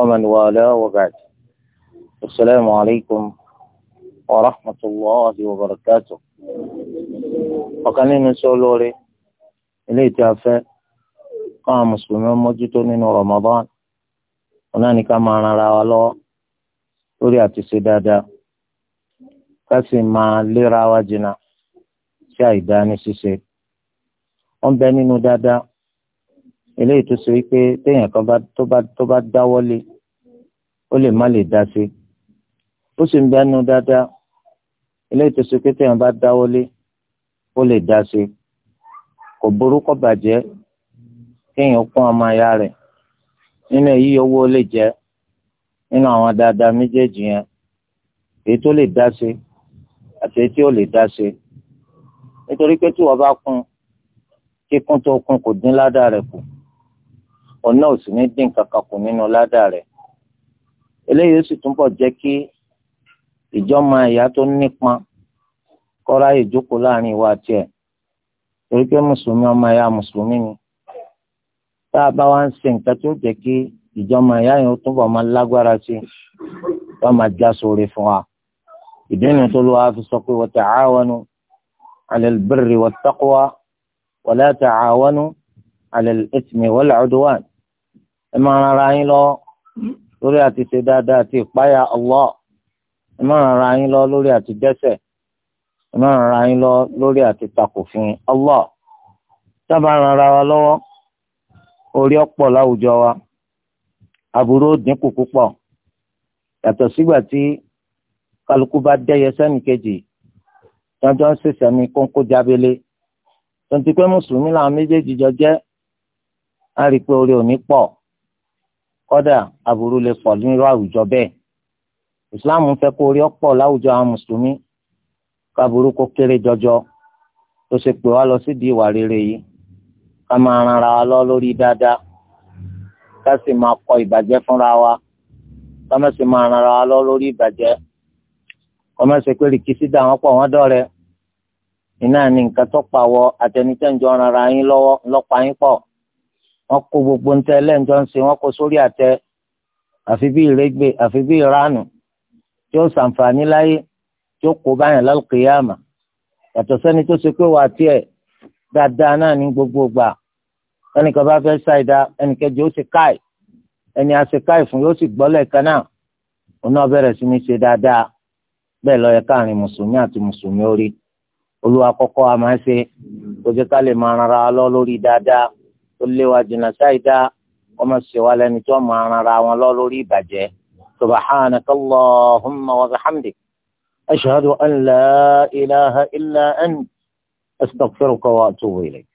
ومن والاه وبعد السلام عليكم ورحمة الله وبركاته ọ̀kan nínú iṣẹ́ olóore eléyìí tí a fẹ́ káwọn mùsùlùmí mójútó nínú Ramadan ọ̀nà ni ká máa ran ara wa lọ́wọ́ lórí àti ṣe dáadáa ká sì máa léra wa jìnnà sí àìdá ní ṣíṣe wọ́n bẹ nínú dáadáa eléyìí tó ṣe wípé téèyàn kan tó bá dáwọ́ lé ó lè má lè dá sí ó sì ń bẹnu dáadáa eléyìí tó ṣe pé téèyàn bá dáwọ́ lé ó lè dá sí kò burú kò bàjẹ́ kéèyàn kún ọmọ aya rẹ̀ nínú èyí owó lè jẹ́ nínú àwọn dáadáa méjèèjì yẹn èyí tó lè dá sí àti èyí tí ó lè dá sí nítorí pé tí wọ́n bá kún kíkún tó kún kò dín ládàá rẹ̀ kù ọ̀nà ò sì ní dín kankan kù nínú ládàá rẹ̀ eléyìí ó sì túnbọ̀ jẹ́ kí ìjọ́mọ ẹ̀yà tó nípọn kọ́ra ìjókòó láàrin ìwà tiẹ̀ torí pé mùsùlùmí ọmọ ẹ̀yà mùsùlùmí ni tá a bá wá ń ṣe nǹkan tó jẹ́ kí ìjọ́mọ ẹ̀yà yẹn ó túnbọ̀ máa lágbára sí i wọ́n máa já sóore fún wa ìdí nu tó lọ́wọ́ fi sọ pé wa ta'awanu 'ala al-birri wat-taqwa wa la ta'awanu 'ala al-ithmi wal-'udwan ẹ máa rárá yín lọ́wọ́ lórí àti ṣe dáadáa àti ìpáyà Allah ẹ má ràn ara yín lọ lórí àti dẹ́ṣẹ̀ ẹ má ràn ara yín lọ lórí àti takòfin Allah sábà ràn ara wa lọ́wọ́ orí ọ̀pọ̀ láwùjọ wa aburú ó dínkù púpọ̀ yàtọ̀ sígbà tí kálukú bá dẹ́yẹ sẹ́nìkejì tọ́jọ́ ń ṣèṣẹ́ mi kónkó jábélé tonti pé mùsùlùmí làwọn méjèèjì jọ jẹ́ á orí ò pọ̀ kódà aburú lè pọ̀ nírú àwùjọ bẹ́ẹ̀ islam fẹ́ kó orí ọ̀pọ̀ láwùjọ àwọn mùsùlùmí kaburú kó kéré jọjọ tó ṣe pé wá lọ sídìí ìwà rere yìí ká máa ran ara wa lọ lórí dáadáa ká sì máa kọ ìbàjẹ́ fúnra wa ká má sì máa ran ara wa lọ lórí ìbàjẹ́ ká má sì pé rìkísí dà wọ́n pọ̀ wọ́n dọ̀rẹ́ iná ní nǹkan tó pàwọ́ àtẹnitẹ́njọ́ ran ara yín lọ́wọ́ lọ́pàá yín pọ̀ wọ́n kó gbogbo ntẹ lẹ́ńtọ́ ń ṣe wọ́n kó sórí àtẹ àfi bí ìrégbè àfi bí ìránù tí ó ṣàǹfààní láyé tí ó kó báyàn lálùkìyàmà yàtọ̀ sẹ́ni tó ṣe pé wà á tiẹ̀ dáadáa náà ní gbogbo gbà ẹnìkan bá fẹ́ ṣàìdá ẹnìkejì ó ṣe káì ẹni a ṣe káì fún yóò sì gbọ́ lẹ́ẹ̀kan náà òun sí ní ṣe dáadáa bẹ́ẹ̀ ló yẹ káàrin mùsùlùmí àti mùsùlùmí orí olúwa kọ́kọ́ a máa ṣe kó ká lè máa rárá lọ lórí dáadáa ó léwa jìnnà sáìdá ọmọ ṣèwà lẹni tó máa ran ara wọn lọ lórí ìbàjẹ́ subhanaka allahumma wa bihamdik ashhadu an la ilaha illa ant astaghfiruka wa atubu ilayk.